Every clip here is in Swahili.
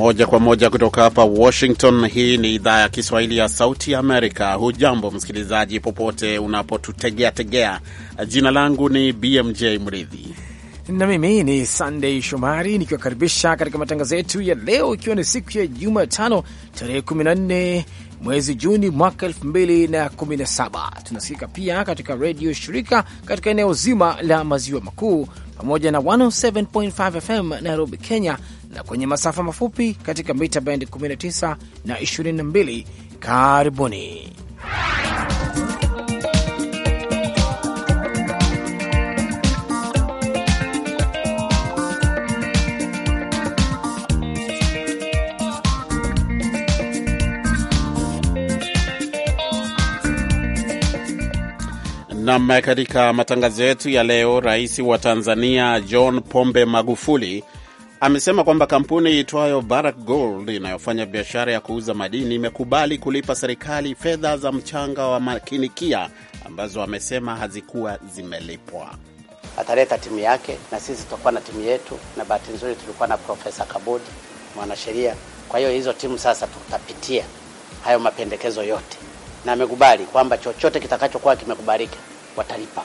Moja kwa moja kutoka hapa Washington. Hii ni idhaa ya Kiswahili ya Sauti ya Amerika. Hujambo msikilizaji, popote unapotutegea tegea. Jina langu ni BMJ Mridhi na mimi ni Sandey Shomari nikiwakaribisha katika matangazo yetu ya leo, ikiwa ni siku ya Jumatano tarehe 14 mwezi Juni mwaka saba. Tunasikika pia katika redio shirika katika eneo zima la maziwa makuu pamoja na 107.5 FM Nairobi, Kenya na kwenye masafa mafupi katika mita bendi 19 na 22. Karibuni. Nam, katika matangazo yetu ya leo, rais wa Tanzania John Pombe Magufuli amesema kwamba kampuni itwayo Barrick Gold inayofanya biashara ya kuuza madini imekubali kulipa serikali fedha za mchanga wa makinikia ambazo amesema hazikuwa zimelipwa. Ataleta timu yake na sisi tutakuwa na timu yetu, na bahati nzuri tulikuwa na Profesa Kabodi, mwanasheria. Kwa hiyo hizo timu sasa tutapitia hayo mapendekezo yote, na amekubali kwamba chochote kitakachokuwa kimekubalika watalipa.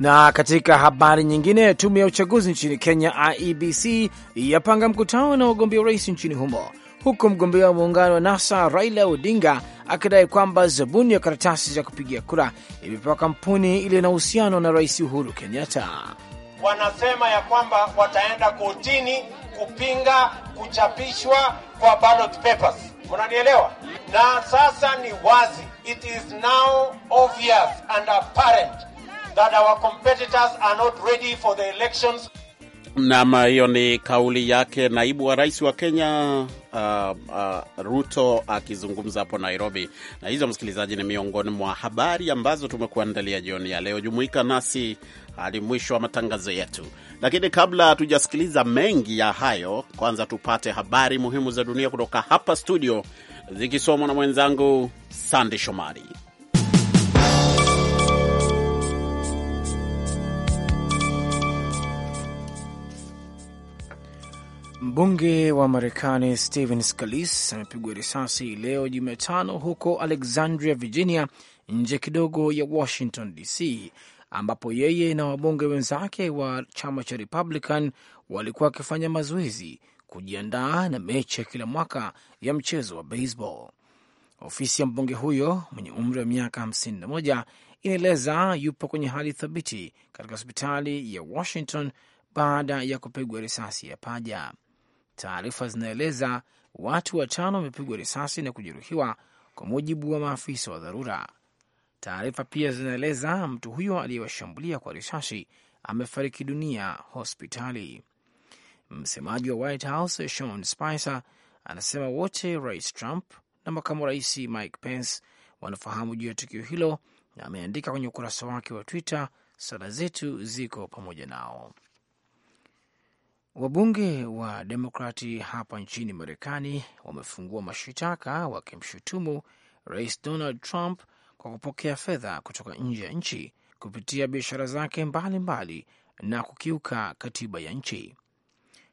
Na katika habari nyingine, tume ya uchaguzi nchini Kenya IEBC yapanga mkutano na wagombea urais nchini humo, huku mgombea wa muungano wa NASA Raila Odinga akidai kwamba zabuni ya karatasi za kupigia kura imepewa kampuni iliyo na uhusiano na Rais Uhuru Kenyatta. Wanasema ya kwamba wataenda kotini kupinga kuchapishwa kwa ballot papers, unanielewa? Na sasa ni wazi, it is now obvious and apparent that our competitors are not ready for the elections. Nam, hiyo ni kauli yake naibu wa rais wa Kenya Uh, uh, Ruto akizungumza hapo Nairobi. Na hizo msikilizaji, ni miongoni mwa habari ambazo tumekuandalia jioni ya leo. Jumuika nasi hadi mwisho wa matangazo yetu, lakini kabla hatujasikiliza mengi ya hayo, kwanza tupate habari muhimu za dunia kutoka hapa studio, zikisomwa na mwenzangu Sandi Shomari. Mbunge wa Marekani Stephen Scalise amepigwa risasi leo Jumatano huko Alexandria, Virginia, nje kidogo ya Washington DC, ambapo yeye na wabunge wenzake wa chama cha Republican walikuwa wakifanya mazoezi kujiandaa na mechi ya kila mwaka ya mchezo wa baseball. Ofisi ya mbunge huyo mwenye umri wa miaka 51 inaeleza yupo kwenye hali thabiti katika hospitali ya Washington baada ya kupigwa risasi ya paja. Taarifa zinaeleza watu watano wamepigwa risasi na kujeruhiwa, kwa mujibu wa maafisa wa dharura. Taarifa pia zinaeleza mtu huyo aliyewashambulia kwa risasi amefariki dunia hospitali. Msemaji wa White House Sean Spicer anasema wote Rais Trump na makamu rais Mike Pence wanafahamu juu ya tukio hilo, na ameandika kwenye ukurasa wake wa Twitter, sala zetu ziko pamoja nao. Wabunge wa Demokrati hapa nchini Marekani wamefungua mashitaka wakimshutumu Rais Donald Trump kwa kupokea fedha kutoka nje ya nchi kupitia biashara zake mbalimbali mbali na kukiuka katiba ya nchi.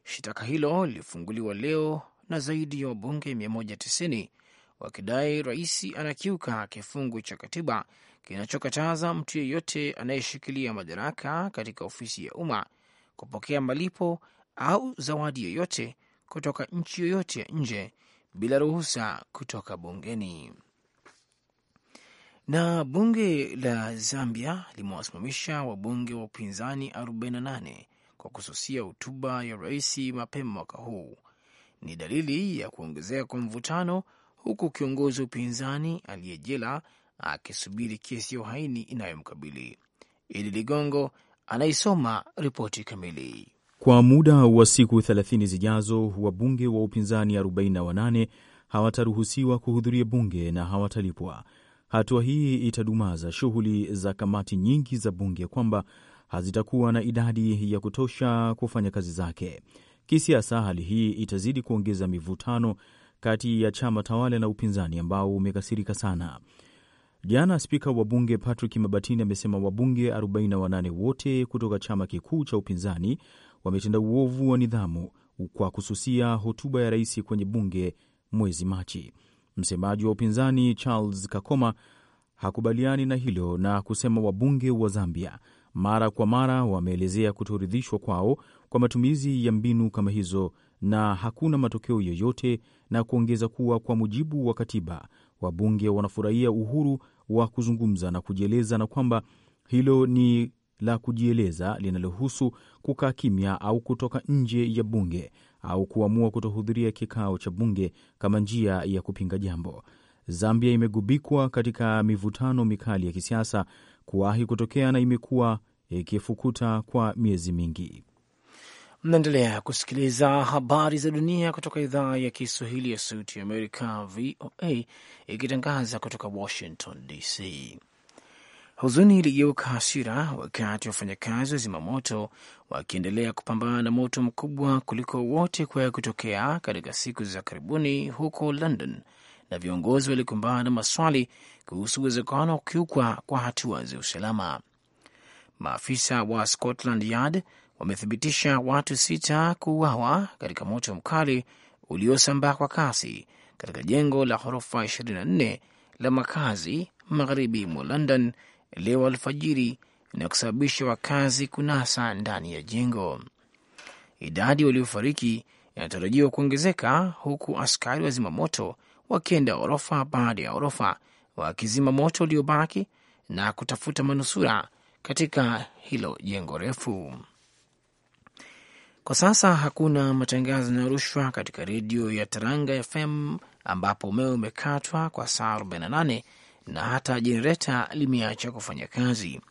Shitaka hilo lilifunguliwa leo na zaidi ya wabunge 190 wakidai rais anakiuka kifungu cha katiba kinachokataza mtu yeyote anayeshikilia madaraka katika ofisi ya umma kupokea malipo au zawadi yoyote kutoka nchi yoyote ya nje bila ruhusa kutoka bungeni. Na bunge la Zambia limewasimamisha wabunge wa upinzani 48 kwa kususia hotuba ya rais mapema mwaka huu. Ni dalili ya kuongezeka kwa mvutano, huku kiongozi wa upinzani aliyejela akisubiri kesi ya uhaini inayomkabili. Idi Ligongo anaisoma ripoti kamili. Kwa muda wa siku 30 zijazo, wabunge wa upinzani 48 hawataruhusiwa kuhudhuria bunge na hawatalipwa. Hatua hii itadumaza shughuli za kamati nyingi za bunge kwamba hazitakuwa na idadi ya kutosha kufanya kazi zake. Kisiasa, hali hii itazidi kuongeza mivutano kati ya chama tawala na upinzani ambao umekasirika sana. Jana spika wa bunge Patrick Mabatini amesema wabunge 48 wote kutoka chama kikuu cha upinzani wametenda uovu wa nidhamu kwa kususia hotuba ya rais kwenye bunge mwezi Machi. Msemaji wa upinzani Charles Kakoma hakubaliani na hilo na kusema wabunge wa Zambia mara kwa mara wameelezea kutoridhishwa kwao kwa matumizi ya mbinu kama hizo na hakuna matokeo yoyote, na kuongeza kuwa kwa mujibu wa katiba wabunge wanafurahia uhuru wa kuzungumza na kujieleza na kwamba hilo ni la kujieleza linalohusu kukaa kimya au kutoka nje ya bunge au kuamua kutohudhuria kikao cha bunge kama njia ya kupinga jambo. Zambia imegubikwa katika mivutano mikali ya kisiasa kuwahi kutokea na imekuwa ikifukuta kwa miezi mingi. Mnaendelea kusikiliza habari za dunia kutoka idhaa ya Kiswahili ya Sauti ya Amerika, VOA, ikitangaza kutoka Washington DC. Huzuni iligeuka hasira wakati wafanyakazi wa zimamoto wakiendelea kupambana na moto mkubwa kuliko wote kuwahi kutokea katika siku za karibuni huko London, na viongozi walikumbana na maswali kuhusu uwezekano wa kukiukwa kwa hatua za usalama. Maafisa wa Scotland Yard wamethibitisha watu sita kuuawa katika moto mkali uliosambaa kwa kasi katika jengo la ghorofa 24 la makazi magharibi mwa London leo alfajiri na kusababisha wakazi kunasa ndani ya jengo. Idadi waliofariki inatarajiwa kuongezeka huku askari wa zimamoto wakienda orofa baada ya orofa wakizima moto uliobaki na kutafuta manusura katika hilo jengo refu. Kwa sasa hakuna matangazo yanayorushwa katika redio ya Taranga FM ambapo umeme umekatwa kwa saa 48 na hata jenereta limeacha kufanya kazi.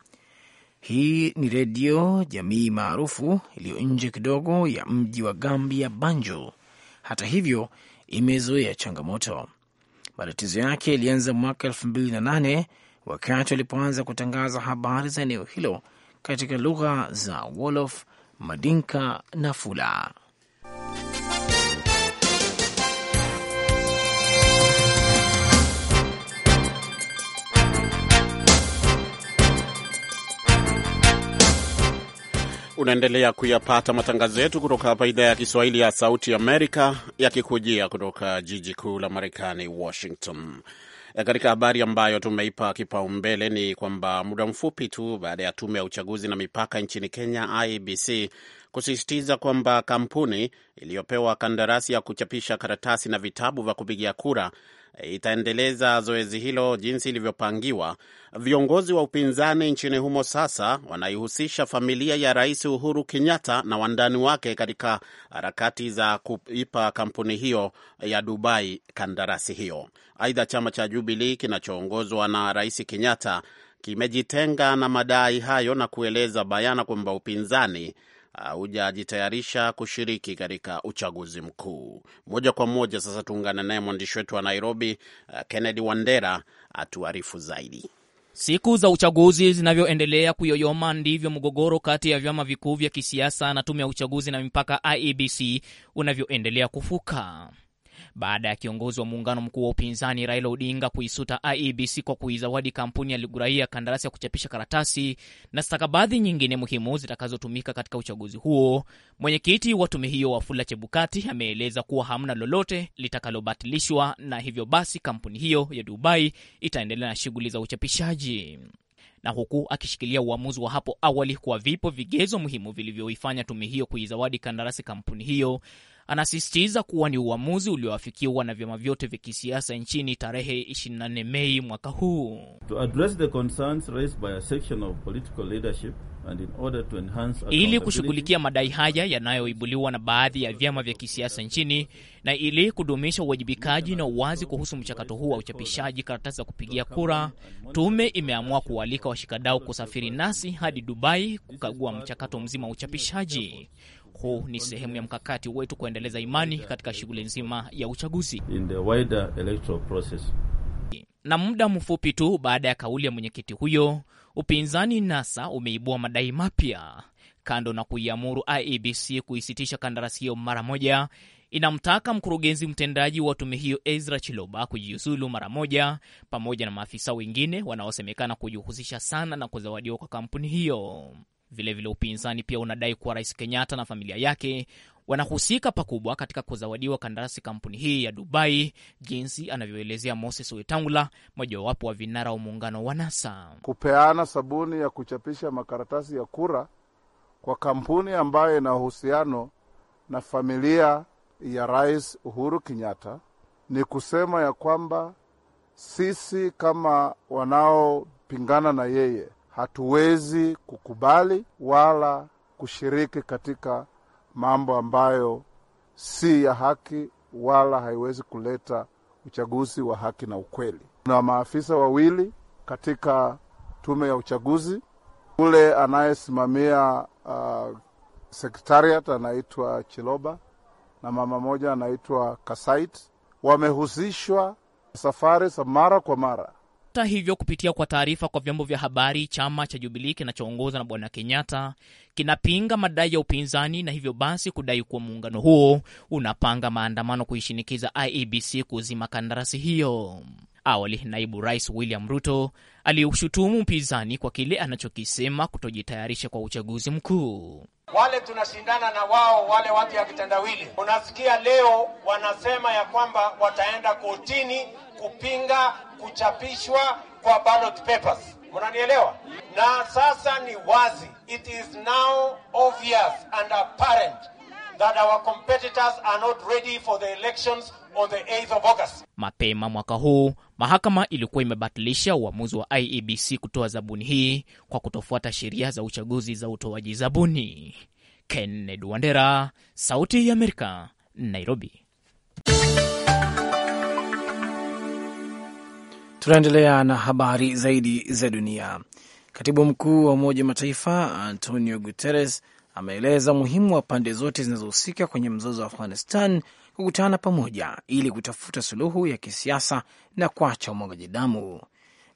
Hii ni redio jamii maarufu iliyo nje kidogo ya mji wa Gambia, Banjul. Hata hivyo, imezoea changamoto. Matatizo yake ilianza mwaka e28 wakati walipoanza kutangaza habari za eneo hilo katika lugha za Wolof, Madinka na Fula. Unaendelea kuyapata matangazo yetu kutoka hapa idhaa ya Kiswahili ya Sauti Amerika, yakikujia kutoka jiji kuu la Marekani, Washington. E, katika habari ambayo tumeipa kipaumbele ni kwamba muda mfupi tu baada ya tume ya uchaguzi na mipaka nchini Kenya, ibc kusisitiza kwamba kampuni iliyopewa kandarasi ya kuchapisha karatasi na vitabu vya kupigia kura eh, itaendeleza zoezi hilo jinsi ilivyopangiwa. Viongozi wa upinzani nchini humo sasa wanaihusisha familia ya Rais Uhuru Kenyatta na wandani wake katika harakati za kuipa kampuni hiyo ya Dubai kandarasi hiyo. Aidha, chama cha Jubilii kinachoongozwa na Rais Kenyatta kimejitenga na madai hayo na kueleza bayana kwamba upinzani haujajitayarisha kushiriki katika uchaguzi mkuu. Moja kwa moja sasa tuungane naye mwandishi wetu wa Nairobi, uh, Kennedy Wandera atuarifu zaidi. Siku za uchaguzi zinavyoendelea kuyoyoma ndivyo mgogoro kati ya vyama vikuu vya kisiasa na tume ya uchaguzi na mipaka IEBC unavyoendelea kufuka baada ya kiongozi wa muungano mkuu wa upinzani Raila Odinga kuisuta IEBC kwa kuizawadi kampuni ya Liguraia kandarasi ya kuchapisha karatasi na stakabadhi nyingine muhimu zitakazotumika katika uchaguzi huo. Mwenyekiti wa tume hiyo Wafula Chebukati ameeleza kuwa hamna lolote litakalobatilishwa na hivyo basi kampuni hiyo ya Dubai itaendelea na shughuli za uchapishaji na huku akishikilia uamuzi wa hapo awali kuwa vipo vigezo muhimu vilivyoifanya tume hiyo kuizawadi kandarasi kampuni hiyo, Anasisitiza kuwa ni uamuzi ulioafikiwa na vyama vyote vya kisiasa nchini tarehe 24 Mei mwaka huu. Ili kushughulikia madai haya yanayoibuliwa na baadhi ya vyama vya kisiasa nchini na ili kudumisha uwajibikaji na uwazi kuhusu mchakato huu wa uchapishaji karatasi za kupigia kura, tume imeamua kuwaalika washikadau kusafiri nasi hadi Dubai kukagua mchakato mzima wa uchapishaji. Huu ni sehemu ya mkakati wetu kuendeleza imani katika shughuli nzima ya uchaguzi. In the wider electoral process. Na muda mfupi tu baada ya kauli ya mwenyekiti huyo, upinzani NASA umeibua madai mapya. Kando na kuiamuru IEBC kuisitisha kandarasi hiyo mara moja, inamtaka mkurugenzi mtendaji wa tume hiyo Ezra Chiloba kujiuzulu mara moja, pamoja na maafisa wengine wanaosemekana kujihusisha sana na kuzawadiwa kwa kampuni hiyo. Vilevile vile upinzani pia unadai kuwa Rais Kenyatta na familia yake wanahusika pakubwa katika kuzawadiwa kandarasi kampuni hii ya Dubai, jinsi anavyoelezea Moses Wetangula, mojawapo wa vinara wa muungano wa NASA. Kupeana sabuni ya kuchapisha makaratasi ya kura kwa kampuni ambayo ina uhusiano na familia ya Rais Uhuru Kenyatta ni kusema ya kwamba sisi kama wanaopingana na yeye hatuwezi kukubali wala kushiriki katika mambo ambayo si ya haki wala haiwezi kuleta uchaguzi wa haki na ukweli. Kuna maafisa wawili katika tume ya uchaguzi, yule anayesimamia uh, sekretariat anaitwa Chiloba na mama moja anaitwa Kasait, wamehusishwa safari za mara kwa mara hata hivyo, kupitia kwa taarifa kwa vyombo vya habari, chama cha Jubilii kinachoongozwa na Bwana Kenyatta kinapinga madai ya upinzani na hivyo basi kudai kuwa muungano huo unapanga maandamano kuishinikiza IEBC kuzima kandarasi hiyo. Awali naibu rais William Ruto aliushutumu upinzani kwa kile anachokisema kutojitayarisha kwa uchaguzi mkuu wale tunashindana na wao, wale watu ya kitendawili. Unasikia leo wanasema ya kwamba wataenda kotini kupinga kuchapishwa kwa ballot papers. Mnanielewa? Na sasa ni wazi, it is now obvious and apparent that our competitors are not ready for the elections on the 8th of August. Mapema mwaka huu Mahakama ilikuwa imebatilisha uamuzi wa IEBC kutoa zabuni hii kwa kutofuata sheria za uchaguzi za utoaji zabuni. Kennedy Wandera, Sauti ya Amerika, Nairobi. Tunaendelea na habari zaidi za dunia. Katibu mkuu wa Umoja wa Mataifa Antonio Guterres ameeleza umuhimu wa pande zote zinazohusika kwenye mzozo wa Afghanistan kukutana pamoja ili kutafuta suluhu ya kisiasa na kuacha umwagaji damu.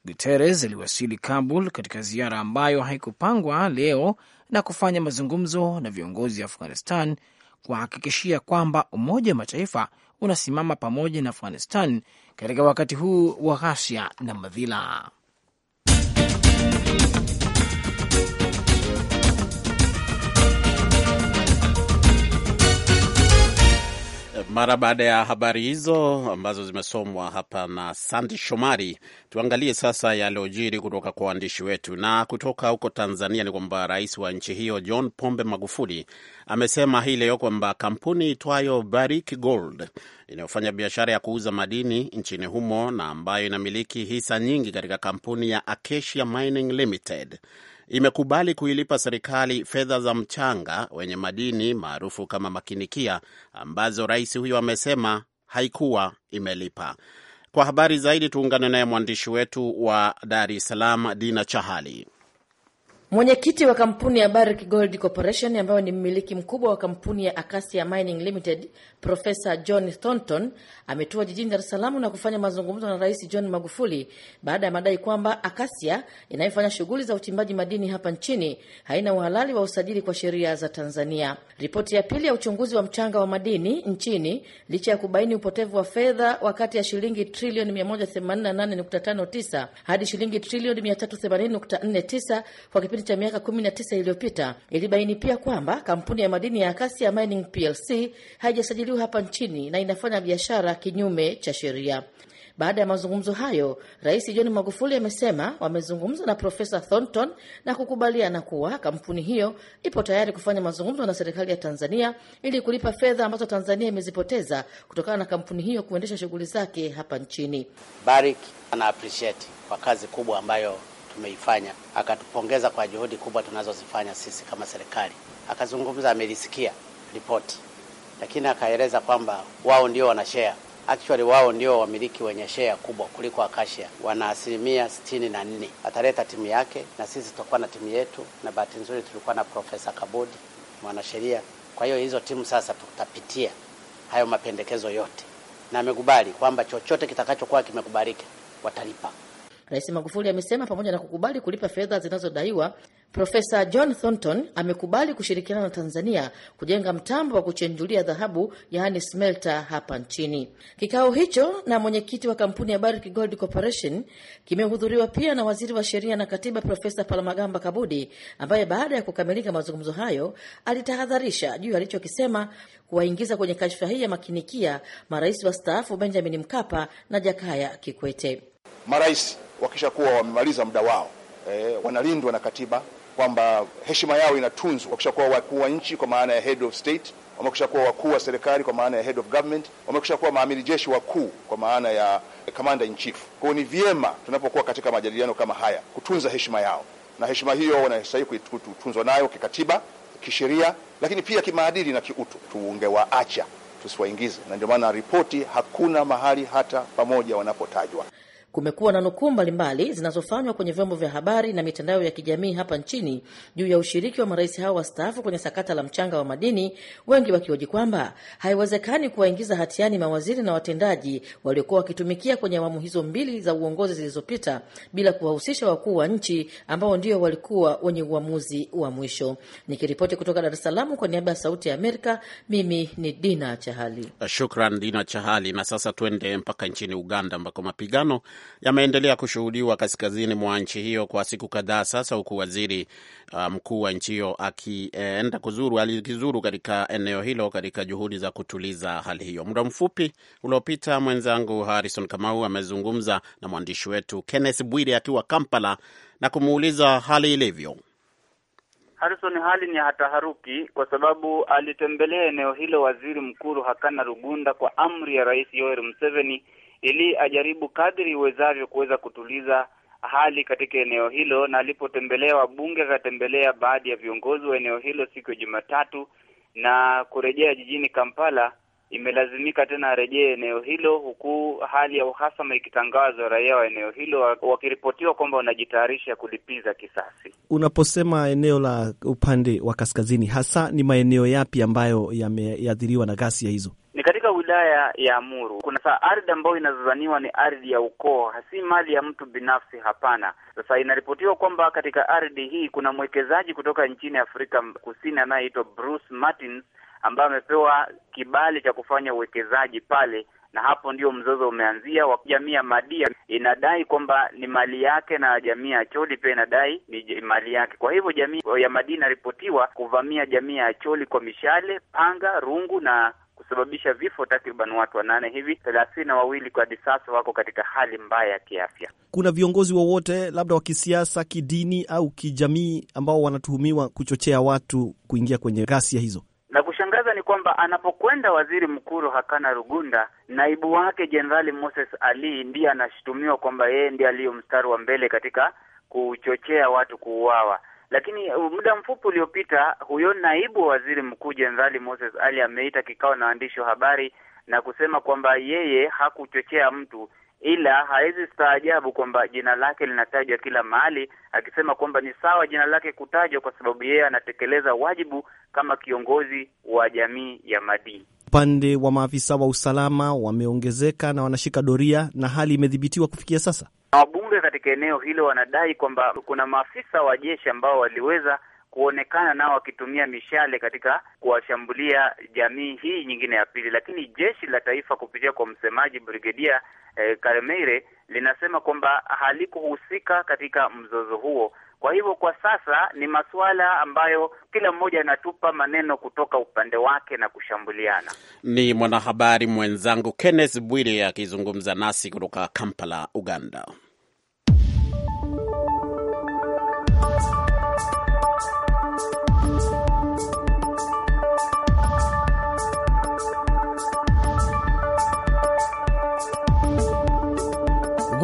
Guterres aliwasili Kabul katika ziara ambayo haikupangwa leo na kufanya mazungumzo na viongozi wa Afghanistan kuhakikishia kwamba Umoja wa Mataifa unasimama pamoja na Afghanistan katika wakati huu wa ghasia na madhila. Mara baada ya habari hizo ambazo zimesomwa hapa na Sandi Shomari, tuangalie sasa yaliyojiri kutoka kwa waandishi wetu. Na kutoka huko Tanzania ni kwamba rais wa nchi hiyo John Pombe Magufuli amesema hii leo kwamba kampuni itwayo Barrick Gold inayofanya biashara ya kuuza madini nchini humo na ambayo inamiliki hisa nyingi katika kampuni ya Acacia Mining Limited imekubali kuilipa serikali fedha za mchanga wenye madini maarufu kama makinikia ambazo rais huyo amesema haikuwa imelipa. Kwa habari zaidi tuungane naye mwandishi wetu wa Dar es Salaam, Dina Chahali. Mwenyekiti wa kampuni ya Barrick Gold Corporation ambayo ni mmiliki mkubwa wa kampuni ya Acacia Mining Limited, Profesa John Thornton ametua jijini Dar es Salaam na kufanya mazungumzo na Rais John Magufuli baada ya madai kwamba Acacia inayofanya shughuli za uchimbaji madini hapa nchini haina uhalali wa usajili kwa sheria za Tanzania. Ripoti ya pili ya uchunguzi wa mchanga wa madini nchini, licha ya kubaini upotevu wa fedha wa kati ya shilingi trilioni 188.59 hadi shilingi trilioni 380.49 kwa kipindi kipindi cha miaka 19 iliyopita ilibaini pia kwamba kampuni ya madini ya Acacia Mining PLC haijasajiliwa hapa nchini na inafanya biashara kinyume cha sheria. Baada ya mazungumzo hayo, Rais John Magufuli amesema wamezungumza na Profesa Thornton na kukubaliana kuwa kampuni hiyo ipo tayari kufanya mazungumzo na serikali ya Tanzania ili kulipa fedha ambazo Tanzania imezipoteza kutokana na kampuni hiyo kuendesha shughuli zake hapa nchini. Barrick ana appreciate kwa kazi kubwa ambayo tumeifanya, akatupongeza kwa juhudi kubwa tunazozifanya sisi kama serikali. Akazungumza amelisikia ripoti, lakini akaeleza kwamba wao ndio wana share Actually wao ndio wamiliki wenye shea kubwa kuliko Akashia, wana asilimia sitini na nne. Ataleta timu yake na sisi tutakuwa na timu yetu, na bahati nzuri tulikuwa na Profesa Kabodi, mwanasheria. Kwa hiyo hizo timu sasa tutapitia hayo mapendekezo yote, na amekubali kwamba chochote kitakachokuwa kimekubalika watalipa. Rais Magufuli amesema pamoja na kukubali kulipa fedha zinazodaiwa, Profesa John Thornton amekubali kushirikiana na Tanzania kujenga mtambo wa kuchenjulia dhahabu yaani smelta hapa nchini. Kikao hicho na mwenyekiti wa kampuni ya Barrick Gold Corporation kimehudhuriwa pia na waziri wa sheria na katiba Profesa Palamagamba Kabudi, ambaye baada ya kukamilika mazungumzo hayo alitahadharisha juu alichokisema kuwaingiza kwenye kashfa hii ya makinikia marais wastaafu Benjamin Mkapa na Jakaya Kikwete. Marais wakishakuwa wamemaliza muda wao e, wanalindwa na katiba kwamba heshima yao inatunzwa. kuwa wakuu wa nchi kwa maana ya head of state, kuwa wakuu wa serikali kwa maana ya head of government, kuwa maamiri jeshi wakuu kwa maana ya commander in chief. Kwa ni vyema tunapokuwa katika majadiliano kama haya kutunza heshima yao, na heshima hiyo wanastahili kutunzwa nayo kikatiba, kisheria, lakini pia kimaadili na kiutu. Tungewaacha tusiwaingize, na ndio maana ripoti hakuna mahali hata pamoja wanapotajwa. Kumekuwa na nukuu mbalimbali zinazofanywa kwenye vyombo vya habari na mitandao ya kijamii hapa nchini juu ya ushiriki wa marais hao wastaafu kwenye sakata la mchanga wa madini, wengi wakihoji kwamba haiwezekani kuwaingiza hatiani mawaziri na watendaji waliokuwa wakitumikia kwenye awamu hizo mbili za uongozi zilizopita bila kuwahusisha wakuu wa nchi ambao ndio walikuwa wenye uamuzi wa mwisho. Nikiripoti kutoka Dar es Salaam kwa niaba ya Sauti ya Amerika, mimi ni Dina Chahali. Shukran Dina Chahali. Na sasa tuende mpaka nchini Uganda ambako mapigano yameendelea kushuhudiwa kaskazini mwa nchi hiyo kwa siku kadhaa sasa, huku waziri uh, mkuu wa nchi hiyo akienda kuzuru alikizuru katika eneo hilo katika juhudi za kutuliza hali hiyo. Muda mfupi uliopita mwenzangu Harrison Kamau amezungumza na mwandishi wetu Kenneth Bwire akiwa Kampala na kumuuliza hali ilivyo. Harrison, hali ni hataharuki kwa sababu alitembelea eneo hilo waziri mkuu Hakana Rugunda kwa amri ya Rais Yoweri Museveni ili ajaribu kadri iwezavyo kuweza kutuliza hali katika eneo hilo, na alipotembelea wabunge akatembelea baadhi ya viongozi wa eneo hilo siku ya Jumatatu na kurejea jijini Kampala, imelazimika tena arejee eneo hilo, huku hali ya uhasama ikitangazwa. Raia wa eneo hilo wakiripotiwa kwamba wanajitayarisha kulipiza kisasi. Unaposema eneo la upande wa kaskazini, hasa ni maeneo yapi ambayo yameathiriwa na ghasia ya hizo? Ni katika wilaya ya Amuru kuna saa ardhi ambayo inazozaniwa ni ardhi ya ukoo, si mali ya mtu binafsi, hapana. Sasa inaripotiwa kwamba katika ardhi hii kuna mwekezaji kutoka nchini Afrika Kusini anayeitwa Bruce Martins ambaye amepewa kibali cha kufanya uwekezaji pale, na hapo ndio mzozo umeanzia. wa jamii ya Madia inadai kwamba ni mali yake na jamii ya Acholi pia inadai ni mali yake. Kwa hivyo jamii ya Madia inaripotiwa kuvamia jamii ya Acholi kwa mishale, panga, rungu na kusababisha vifo takriban watu wanane hivi, thelathini na wawili kwa hadi sasa wako katika hali mbaya ya kiafya. Kuna viongozi wowote labda wa kisiasa, kidini au kijamii ambao wanatuhumiwa kuchochea watu kuingia kwenye ghasia hizo? La kushangaza ni kwamba anapokwenda waziri mkuu Hakana Rugunda, naibu wake Jenerali Moses Ali ndiye anashutumiwa kwamba yeye ndiye aliyo mstari wa mbele katika kuchochea watu kuuawa. Lakini uh, muda mfupi uliopita, huyo naibu wa waziri mkuu Jenerali Moses Ali ameita kikao na waandishi wa habari na kusema kwamba yeye hakuchochea mtu, ila hawezi staajabu kwamba jina lake linatajwa kila mahali, akisema kwamba ni sawa jina lake kutajwa kwa sababu yeye anatekeleza wajibu kama kiongozi wa jamii ya Madii upande wa maafisa wa usalama wameongezeka na wanashika doria na hali imedhibitiwa kufikia sasa? Wabunge katika eneo hilo wanadai kwamba kuna maafisa wa jeshi ambao waliweza kuonekana nao wakitumia mishale katika kuwashambulia jamii hii nyingine ya pili, lakini jeshi la taifa kupitia kwa msemaji Brigedia eh, Karemeire linasema kwamba halikuhusika katika mzozo huo kwa hivyo kwa sasa ni masuala ambayo kila mmoja anatupa maneno kutoka upande wake na kushambuliana. Ni mwanahabari mwenzangu Kenneth Bwire akizungumza nasi kutoka Kampala, Uganda.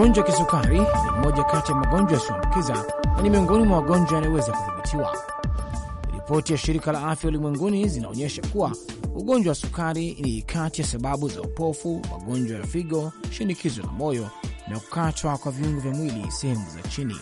Magonjwa ya kisukari ni mmoja kati ya magonjwa yasiyoambukiza na ni miongoni mwa magonjwa yanayoweza kudhibitiwa. Ripoti ya shirika la afya ulimwenguni zinaonyesha kuwa ugonjwa wa sukari ni kati ya sababu za upofu, magonjwa ya figo, shinikizo la moyo na kukatwa kwa viungo vya mwili sehemu za chini.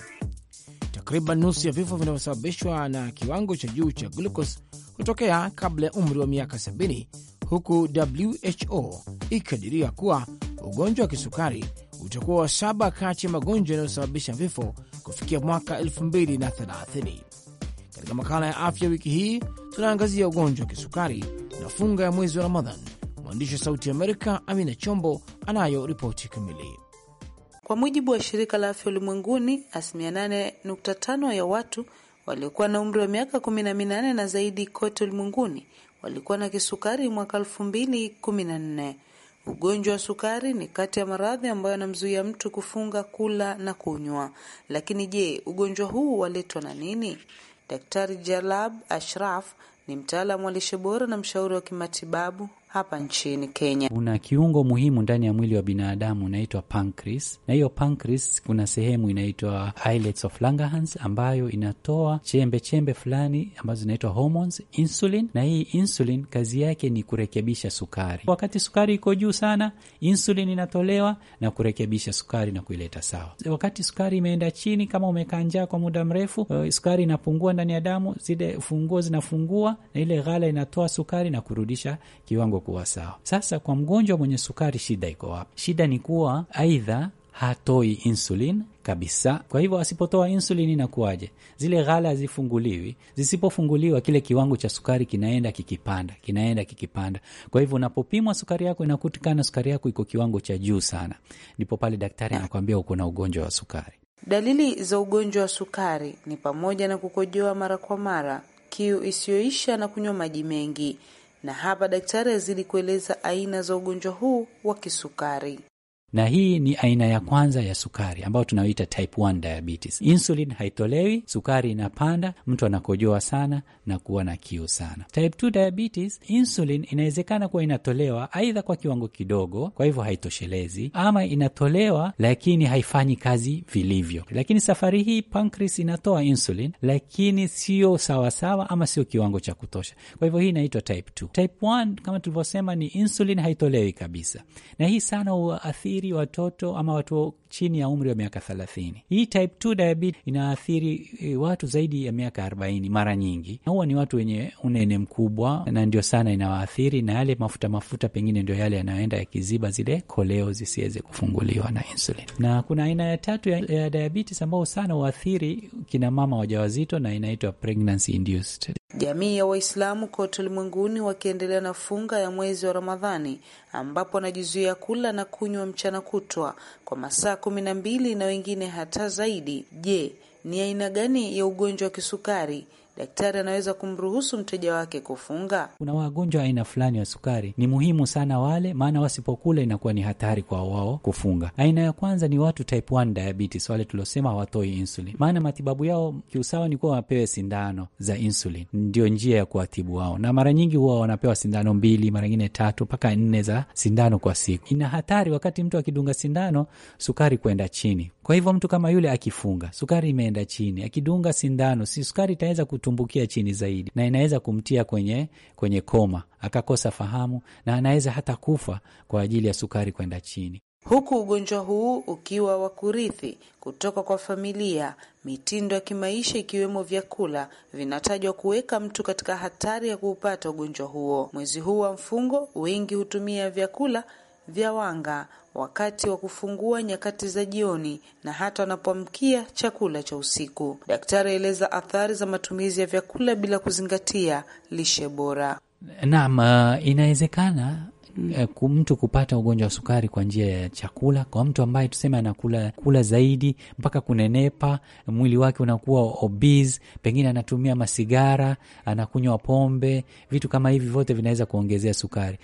Takriban nusu ya vifo vinavyosababishwa na kiwango cha juu cha glukos hutokea kabla ya umri wa miaka 70 huku WHO ikikadiria kuwa ugonjwa wa kisukari utakuwa wa saba kati ya magonjwa yanayosababisha vifo kufikia mwaka 2030. Katika makala ya afya wiki hii tunaangazia ugonjwa wa kisukari na funga ya mwezi wa Ramadhan. Mwandishi wa Sauti ya Amerika Amina Chombo anayo ripoti kamili. Kwa mujibu wa Shirika la Afya Ulimwenguni, asilimia 8.5 ya watu waliokuwa na umri wa miaka 18 na na zaidi kote ulimwenguni walikuwa na kisukari mwaka 2014. Ugonjwa wa sukari ni kati ya maradhi ambayo yanamzuia mtu kufunga kula na kunywa. Lakini je, ugonjwa huu waletwa na nini? Daktari Jalab Ashraf ni mtaalamu wa lishe bora na mshauri wa kimatibabu hapa nchini Kenya. Kuna kiungo muhimu ndani ya mwili wa binadamu unaitwa pancreas, na hiyo pancreas kuna sehemu inaitwa islets of Langerhans ambayo inatoa chembe chembe fulani ambazo zinaitwa hormones insulin, na hii insulin kazi yake ni kurekebisha sukari. Wakati sukari iko juu sana, insulin inatolewa na kurekebisha sukari na kuileta sawa. Wakati sukari imeenda chini, kama umekaa njaa kwa muda mrefu, eh, sukari inapungua ndani ya damu, zile funguo zinafungua na ile ghala inatoa sukari na kurudisha kiwango kuwa sawa. Sasa kwa mgonjwa mwenye sukari, shida iko wapi? Shida ni kuwa aidha hatoi insulin kabisa. Kwa hivyo asipotoa insulin inakuwaje? Zile ghala hazifunguliwi. Zisipofunguliwa, kile kiwango cha sukari kinaenda kikipanda, kinaenda kikipanda. Kwa hivyo unapopimwa sukari yako inakutikana sukari yako iko kiwango cha juu sana, ndipo pale daktari anakuambia uko na ugonjwa wa sukari. Dalili za ugonjwa wa sukari ni pamoja na kukojoa mara kwa mara, kiu isiyoisha na kunywa maji mengi na hapa daktari azidi kueleza aina za ugonjwa huu wa kisukari na hii ni aina ya kwanza ya sukari ambayo tunaoita type 1 diabetes. Insulin haitolewi, sukari inapanda, mtu anakojoa sana na kuwa na kiu sana. Type 2 diabetes, insulin inawezekana kuwa inatolewa aidha kwa kiwango kidogo, kwa hivyo haitoshelezi, ama inatolewa lakini haifanyi kazi vilivyo. Lakini safari hii pancreas inatoa insulin, lakini sio sawasawa, ama sio kiwango cha kutosha. Kwa hivyo hii inaitwa type 2. Type 1 kama tulivyosema, ni insulin haitolewi kabisa, na hii sana huathiri inaathiri watoto ama watu chini ya umri wa miaka thelathini. Hii type 2 diabetes inaathiri e, watu zaidi ya miaka arobaini mara nyingi, na huwa ni watu wenye unene mkubwa, na ndio sana inawaathiri, na yale mafuta mafuta pengine ndio yale yanayoenda yakiziba zile koleo zisiweze kufunguliwa na insulin. Na kuna aina ya tatu ya, ya diabetes ambao sana huathiri kinamama wajawazito na inaitwa pregnancy induced Jamii ya Waislamu kote ulimwenguni wakiendelea na funga ya mwezi wa Ramadhani ambapo wanajizuia kula na kunywa mchana kutwa kwa masaa kumi na mbili na wengine hata zaidi. Je, ni aina gani ya ugonjwa wa kisukari daktari anaweza kumruhusu mteja wake kufunga. Kuna wagonjwa aina fulani wa sukari, ni muhimu sana wale, maana wasipokula inakuwa ni hatari kwa wao kufunga. Aina ya kwanza ni watu type 1 diabetes, wale tuliosema hawatoi insulin, maana matibabu yao kiusawa ni kuwa wapewe sindano za insulin, ndio njia ya kuwatibu wao, na mara nyingi huwa wanapewa sindano mbili, mara nyingine tatu mpaka nne za sindano kwa siku. Ina hatari wakati mtu akidunga sindano sukari kwenda chini kwa hivyo mtu kama yule akifunga, sukari imeenda chini, akidunga sindano, si sukari itaweza kutumbukia chini zaidi, na inaweza kumtia kwenye kwenye koma, akakosa fahamu, na anaweza hata kufa kwa ajili ya sukari kwenda chini, huku ugonjwa huu ukiwa wa kurithi kutoka kwa familia. Mitindo ya kimaisha ikiwemo vyakula vinatajwa kuweka mtu katika hatari ya kuupata ugonjwa huo. Mwezi huu wa mfungo, wengi hutumia vyakula vya wanga wakati wa kufungua nyakati za jioni na hata wanapoamkia chakula cha usiku. Daktari aeleza athari za matumizi ya vyakula bila kuzingatia lishe bora. Naam, eh, inawezekana mm. Eh, mtu kupata ugonjwa wa sukari kwa njia ya chakula, kwa mtu ambaye tuseme anakula kula zaidi mpaka kunenepa, mwili wake unakuwa obese, pengine anatumia masigara, anakunywa pombe, vitu kama hivi vyote vinaweza kuongezea sukari.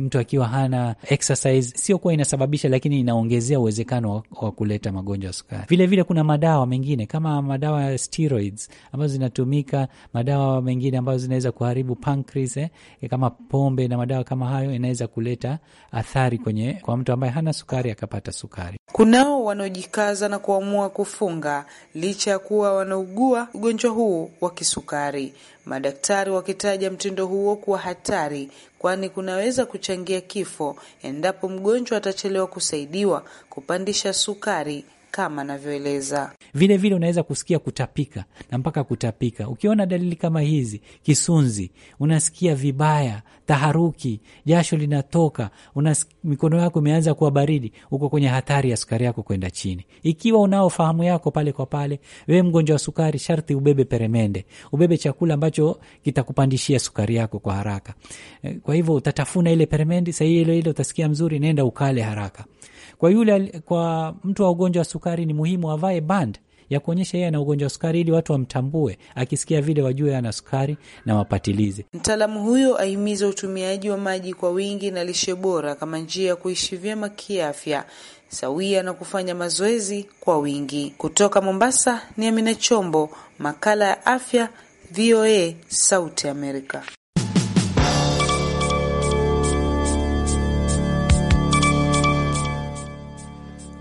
Mtu akiwa hana exercise, sio kuwa inasababisha, lakini inaongezea uwezekano wa kuleta magonjwa ya sukari. Vile vile kuna madawa mengine kama madawa ya steroids ambazo zinatumika, madawa mengine ambazo zinaweza kuharibu pancreas, eh, kama pombe na madawa kama hayo inaweza kuleta athari kwenye kwa mtu ambaye hana sukari akapata sukari. Kunao wanaojikaza na kuamua kufunga licha ya kuwa wanaugua ugonjwa huu wa kisukari, madaktari wakitaja mtindo huo kuwa hatari, kwani kunaweza kuchangia kifo endapo mgonjwa atachelewa kusaidiwa kupandisha sukari kama anavyoeleza. Vile vile unaweza kusikia kutapika na mpaka kutapika. Ukiona dalili kama hizi, kisunzi, unasikia vibaya, taharuki, jasho linatoka, unas, mikono yako imeanza kuwa baridi, uko kwenye hatari ya sukari yako kwenda chini. Ikiwa unao fahamu yako pale kwa pale, wewe mgonjwa wa sukari, sharti ubebe peremende, ubebe chakula ambacho kitakupandishia sukari yako kwa haraka. Eh, kwa hivyo utatafuna ile peremende, sahii ile ile utasikia mzuri, nenda ukale haraka. Kwa yule kwa mtu wa ugonjwa wa sukari ni muhimu avae band ya kuonyesha yeye ana ugonjwa wa sukari ili watu wamtambue, akisikia vile wajue ana sukari na wapatilize. Mtaalamu huyo ahimiza utumiaji wa maji kwa wingi na lishe bora kama njia ya kuishi vyema kiafya sawia na kufanya mazoezi kwa wingi. Kutoka Mombasa ni Amina Chombo, makala ya afya, VOA, Sauti Amerika.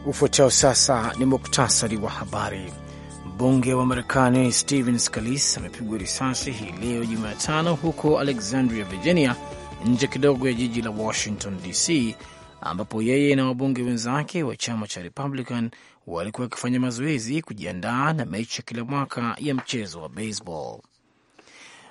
Ufuatao sasa ni muktasari wa habari. Mbunge wa Marekani stehen Scalise amepigwa risasi hii leo Jumatano huko Alexandria, Virginia, nje kidogo ya jiji la Washington DC, ambapo yeye na wabunge wenzake wa chama cha Republican walikuwa wakifanya mazoezi kujiandaa na mechi ya kila mwaka ya mchezo wa baseball.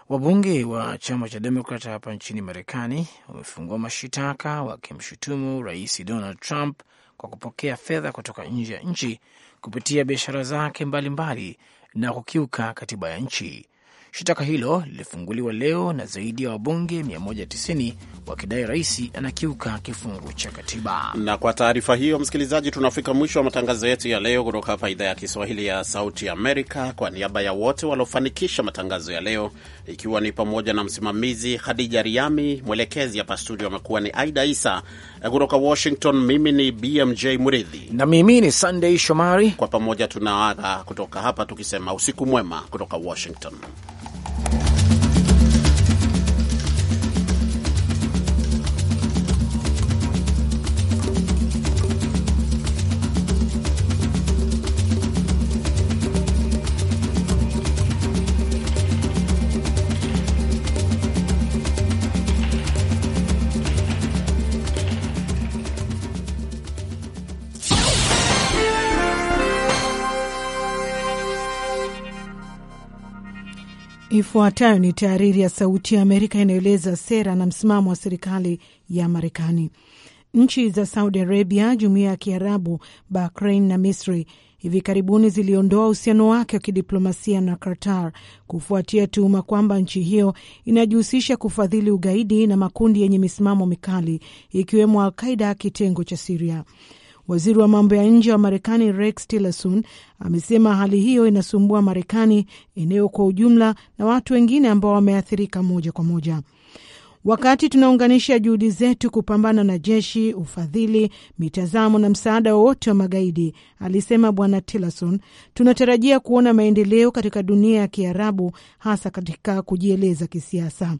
Wabunge wa chama cha Demokrat hapa nchini Marekani wamefungua mashitaka wakimshutumu Rais Donald Trump kwa kupokea fedha kutoka nje ya nchi kupitia biashara zake mbalimbali na kukiuka katiba ya nchi. Shitaka hilo lilifunguliwa leo na zaidi ya wabunge 190 wakidai rais anakiuka kifungu cha katiba. Na kwa taarifa hiyo, msikilizaji, tunafika mwisho wa matangazo yetu ya leo kutoka hapa idhaa ya Kiswahili ya Sauti Amerika. Kwa niaba ya wote waliofanikisha matangazo ya leo, ikiwa ni pamoja na msimamizi Hadija Riami, mwelekezi hapa studio amekuwa ni Aida Isa kutoka Washington, mimi ni BMJ mridhi na mimi ni sandey Shomari. Kwa pamoja tunaaga kutoka hapa tukisema usiku mwema kutoka Washington. Ifuatayo ni taariri ya Sauti ya Amerika inayoeleza sera na msimamo wa serikali ya Marekani. Nchi za Saudi Arabia, Jumuiya ya Kiarabu, Bahrain na Misri hivi karibuni ziliondoa uhusiano wake wa kidiplomasia na Qatar kufuatia tuhuma kwamba nchi hiyo inajihusisha kufadhili ugaidi na makundi yenye misimamo mikali ikiwemo Alqaida kitengo cha Siria. Waziri wa mambo ya nje wa Marekani Rex Tillerson amesema hali hiyo inasumbua Marekani, eneo kwa ujumla, na watu wengine ambao wameathirika moja kwa moja. Wakati tunaunganisha juhudi zetu kupambana na jeshi, ufadhili, mitazamo na msaada wowote wa magaidi, alisema Bwana Tillerson, tunatarajia kuona maendeleo katika dunia ya Kiarabu, hasa katika kujieleza kisiasa.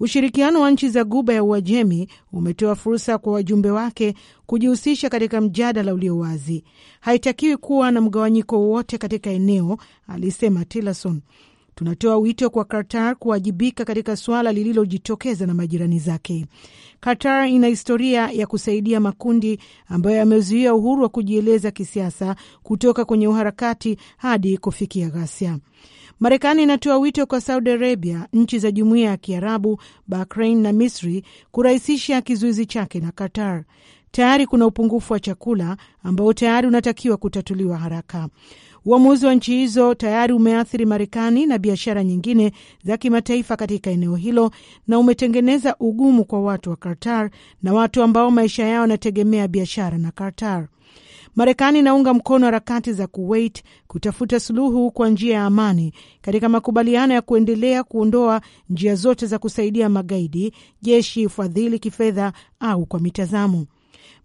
Ushirikiano wa nchi za Guba ya Uajemi umetoa fursa kwa wajumbe wake kujihusisha katika mjadala ulio wazi. Haitakiwi kuwa na mgawanyiko wowote katika eneo, alisema Tillerson. Tunatoa wito kwa Qatar kuwajibika katika suala lililojitokeza na majirani zake. Qatar ina historia ya kusaidia makundi ambayo yamezuia uhuru wa kujieleza kisiasa kutoka kwenye uharakati hadi kufikia ghasia. Marekani inatoa wito kwa Saudi Arabia, nchi za jumuiya ya Kiarabu, Bahrain na Misri kurahisisha kizuizi chake na Qatar. Tayari kuna upungufu wa chakula ambao tayari unatakiwa kutatuliwa haraka. Uamuzi wa nchi hizo tayari umeathiri Marekani na biashara nyingine za kimataifa katika eneo hilo na umetengeneza ugumu kwa watu wa Qatar na watu ambao maisha yao yanategemea biashara na Qatar. Marekani inaunga mkono harakati za Kuwait kutafuta suluhu kwa njia ya amani katika makubaliano ya kuendelea kuondoa njia zote za kusaidia magaidi, jeshi, ufadhili kifedha au kwa mitazamo.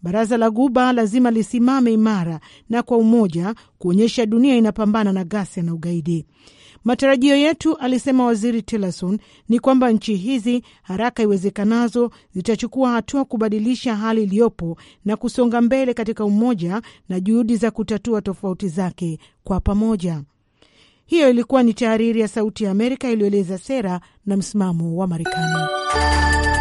Baraza la Guba lazima lisimame imara na kwa umoja kuonyesha dunia inapambana na ghasia na ugaidi. Matarajio yetu, alisema Waziri Tillerson, ni kwamba nchi hizi haraka iwezekanazo zitachukua hatua kubadilisha hali iliyopo na kusonga mbele katika umoja na juhudi za kutatua tofauti zake kwa pamoja. Hiyo ilikuwa ni tahariri ya Sauti ya Amerika iliyoeleza sera na msimamo wa Marekani.